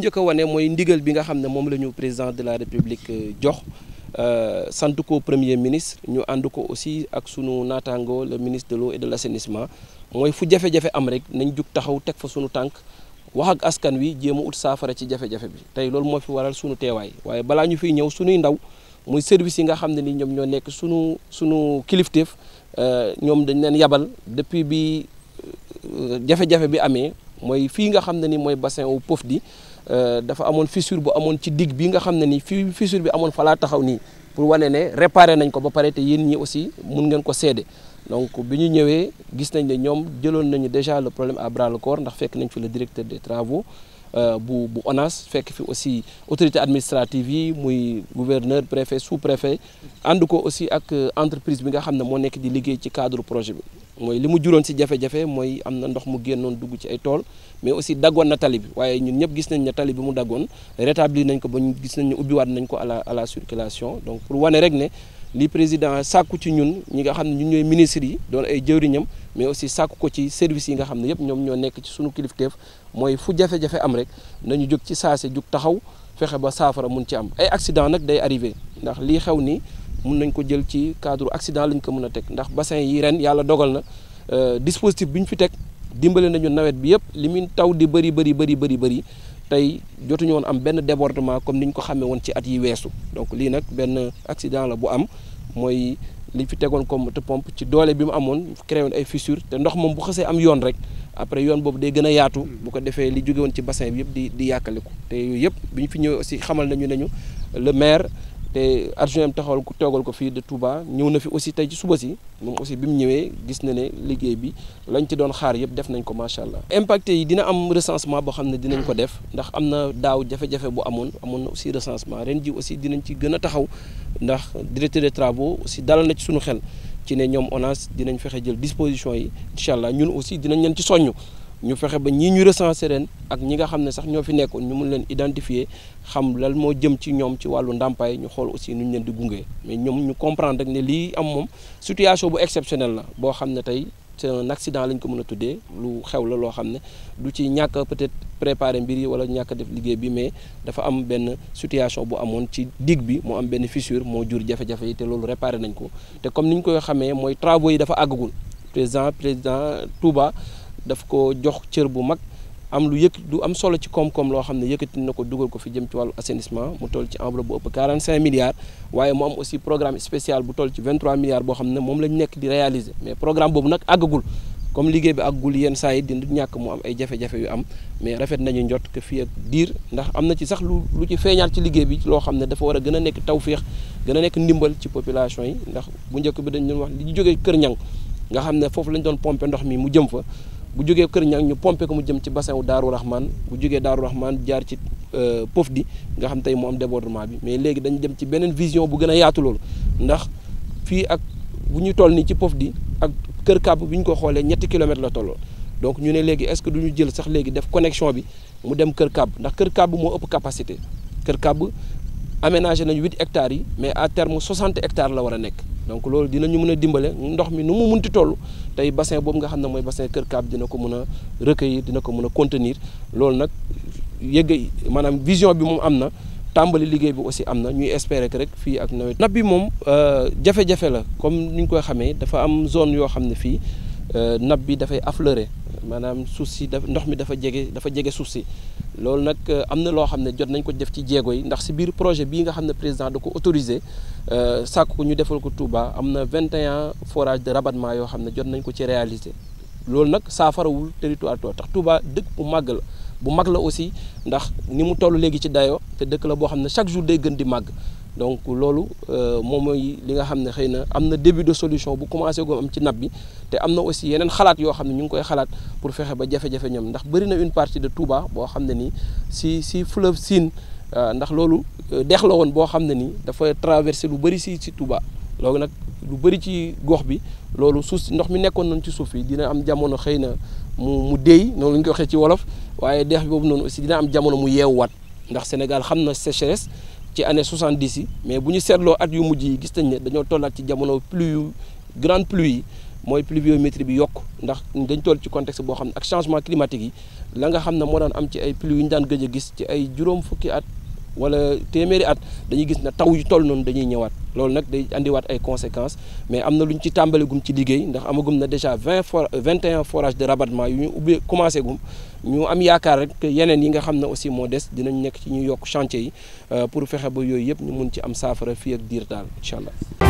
ki wane mooy ndigal bi nga xam ne moom la ñu président de la république euh, jox euh, sant ko premier ministre ñu ànd ko aussi ak sunu naataango ministre de l'eau et de mooy fu jafe-jafe am rek nañ jug taxaw teg fa sunu tànk wax ak askan wi jéem a ut saafara ci jafe-jafe bi tey loolu moo fi waral sunu teewaay waaye balaa ñu fiy ñëw sunuy ndaw muy service yi nga xam ne ni ñoom ñoo nekk sunu sunu kilifteef euh, ñoom dañ leen yabal depuis bi jafe-jafe bi amee mooy fii nga xam ne ni mooy bassin wu Pofdy Euh, dafa amoon fissure bu amoon ci digue bi nga xam ne nii fi fissure bi amoon falaa taxaw nii pour wane ne réparé nañ ko ba pare te yéen ñi aussi mun ngeen ko seede donc bi ñu ñëwee gis nañ ne ñoom jëloon nañu déjà le problème à le corps ndax fekk nañ fi le directeur des travaux euh, bu bu ONAS fekk fi aussi autorité administrative yi muy gouverneur préfet sous préfet ànd ko aussi ak euh, entreprise bi nga xam ne moo nekk di liggéey ci cadre projet bi mooy li mu juróon si jafe-jafe mooy am na ndox mu génnoon dugg ci ay tool mais aussi daggoon na tali bi waaye ñun ñëpp gis nañ ne tali bi mu daggoon rétabli nañ ko ba ñu gis nañ ne ubbiwaat nañ ko à la à la circulation donc pour wane rek ne li président sàkku ci ñun ñi nga xam ne ñun ñooy ministres yi doon ay jëriñam mais aussi sàkku ko ci service yi nga xam ne yëpp ñoom ñoo nekk ci sunu kilifteef mooy fu jafe-jafe am rek nañu jóg ci saase jóg taxaw fexe ba saafara mun ci am ay accident nag day arrivé ndax lii xew nii mun nañ ko jël ci cadre accident lañ ko mën a teg ndax bassin yi ren yàlla dogal na euh, dispositif bi ñu fi teg dimbale nañu nawet bi yëpp li muy taw di bëri bëri bëri bëri bëri tey jotuñu woon am benn débordement comme ni ñu ko xamee woon ci at yi weesu donc lii nag benn accident la bu am mooy liñ fi tegoon comme te pompe ci doole bi mu amoon créé ay fissures te ndox moom bu xasee am yoon rek après yoon boobu day gën a yaatu bu ko defee li jóge ci bassin bi yëpp di di yàkkaliku te yëpp bi ñu fi ñëwee aussi xamal nañu ne ñu le maire te adjoint am taxawal ku toogal ko fii de Touba ñëw na fi aussi tey ci suba si moom aussi bi mu ñëwee gis na ne liggéey bi lañ ci doon xaar yëpp def nañ ko macha allah. impacté yi dina am recensement boo xam ne dinañ ko def ndax am na daaw jafe-jafe bu amoon amoon na aussi recensement ren ji aussi dinañ ci gën a taxaw ndax directeur des travaux aussi dalal na ci suñu xel ci ne ñoom ONAS dinañ fexe jël disposition yi incha allah ñun aussi dinañ leen ci soññ. ñu fexe ba ñii ñu recensé ren ak ñi nga xam ne sax ñoo fi nekkoon ñu mun leen identifier xam lan moo jëm ci ñoom ci wàllu ndàmpaay ñu xool aussi nu ñu leen di gunge mais ñoom ñu comprendre rek ne lii am moom situation bu exceptionnel la boo xam ne tey c'est un accident lañ ko mën a tuddee lu xew la loo xam ne du ci ñàkk peut-être préparer mbir yi wala ñàkk def liggéey bi mais dafa am benn situation bu amoon ci digue bi moo am benn fissure moo jur jafe-jafe yi te loolu réparé nañ ko te comme ni ñu koy xamee mooy travaux yi dafa àggagul président président Touba. daf ko jox cër bu mag am lu yëkk lu am solo ci koom-koom loo xam ne yëkkati na ko dugal ko fi jëm ci wàllu assainissement mu toll ci enveloppe bu ëpp 45 milliards waaye mu am aussi programme spécial bu toll ci 23 milliards boo xam ne moom lañ nekk di réaliser mais programme boobu nag àggagul comme liggéey bi àggul yenn saa yi dina ñàkk mu am ay jafe-jafe yu am mais rafet nañu njot que fii ak diir ndax am na ci sax lu lu ci feeñaat ci liggéey bi loo xam ne dafa war a gën a nekk tawféex gën a nekk ndimbal ci population yi ndax bu njëkk bi dañ doon wax li ñu jógee Kër Ñang nga xam ne foofu lañ doon pomper ndox mi mu jëm fa bu jógee Kër Ñang ñu pompé ko mu jëm ci bassin wu Daaru Rahman bu jógee Daaru Rahman jaar ci euh, pof di nga xam tey mu am débordement bi mais léegi dañ jëm ci beneen vision bu gën a yaatu loolu ndax fii ak bu ñu toll nii ci pof di ak Kër Kàpp bi ñu ko xoolee ñetti kilomètres la tolloo donc ñu ne léegi est-ce que du ñu jël sax léegi def connexion bi mu dem Kër Kàpp ndax Kër Kàpp moo ëpp capacité Kër Kàpp aménagé nañu huit hectares yi mais à terme soixante hectares la war nekk donc loolu dinañu mun a dimbale ndox mi nu mu mun ti toll tey bassin boobu nga xam ne mooy bassin Kër Kaab dina ko mën a recueillir dina ko mën a contenir loolu nag yëgg maanaam vision bi moom am na tàmbali liggéey bi aussi am na ñuy espérer que rek fii ak nawet. napp bi moom euh, jafe-jafe la comme ni ñu koy xamee dafa am zone yoo xam ne fii euh, nab bi dafay affleurer. maanaam suuf si daf ndox mi dafa jege dafa jege suuf si loolu nag euh, am na loo xam ne jot nañ ko def ci jéego yi ndax si biir projet bii nga xam ne président da ko autorisé euh, sàkk ko ñu defal ko Touba am na 21 forage de rabattement yoo xam ne jot nañ ko ci réaliser loolu nag saafarawul territoire Touba tax Touba dëkk bu màgg la bu mag la aussi ndax ni mu toll léegi ci dayoo te dëkk la boo xam ne chaque jour day gën di màgg donc loolu euh, moom mooy li nga xam ne xëy na am na début de solution bu commencé goo am ci napp bi te am na aussi yeneen xalaat yoo xam ne ñu ngi koy xalaat pour fexe ba jafe-jafe ñoom ndax bëri na une partie de Touba boo xam ne nii si si fleuve Sine euh, ndax loolu euh, dex la woon boo xam ne nii dafa traversé lu bëri si si Touba loolu nag lu bëri ci gox bi loolu suuf si ndox mi nekkoon nañ ci suuf yi dina am jamono xëy na mu mu déy noonu la ñu ko waxee ci wolof waaye dex boobu noonu aussi dina am jamono mu yeewuwaat ndax Sénégal xam na sécheresse ci année dix yi mais bu ñu seetloo at yu mujj yi gis nañ ne dañoo tollaat ci jamono pluie yu grande pluie yi mooy pluviométrie bi yokk ndax dañ toll ci contexte boo xam ne ak changement climatique yi la nga xam ne moo daan am ci ay plus yu ñu daan gëj a gis ci ay juróom fukki at wala téeméeri at dañuy gis ne taw yu toll noonu dañuy ñëwaat loolu nag day indiwaat ay conséquences mais am na lu ñu ci tàmbalegum ci liggéey ndax amagum na déjà vingt for vingt et un forages de rabattement yu ñu ubbee commencé gum ñu am yaakaar rek yeneen yi nga xam ne aussi moo des dinañ nekk ci ñu yokk chantier yi euh, pour fexe ba yooyu yëpp ñu mun ci am saafara fii ak diir daal incha allah.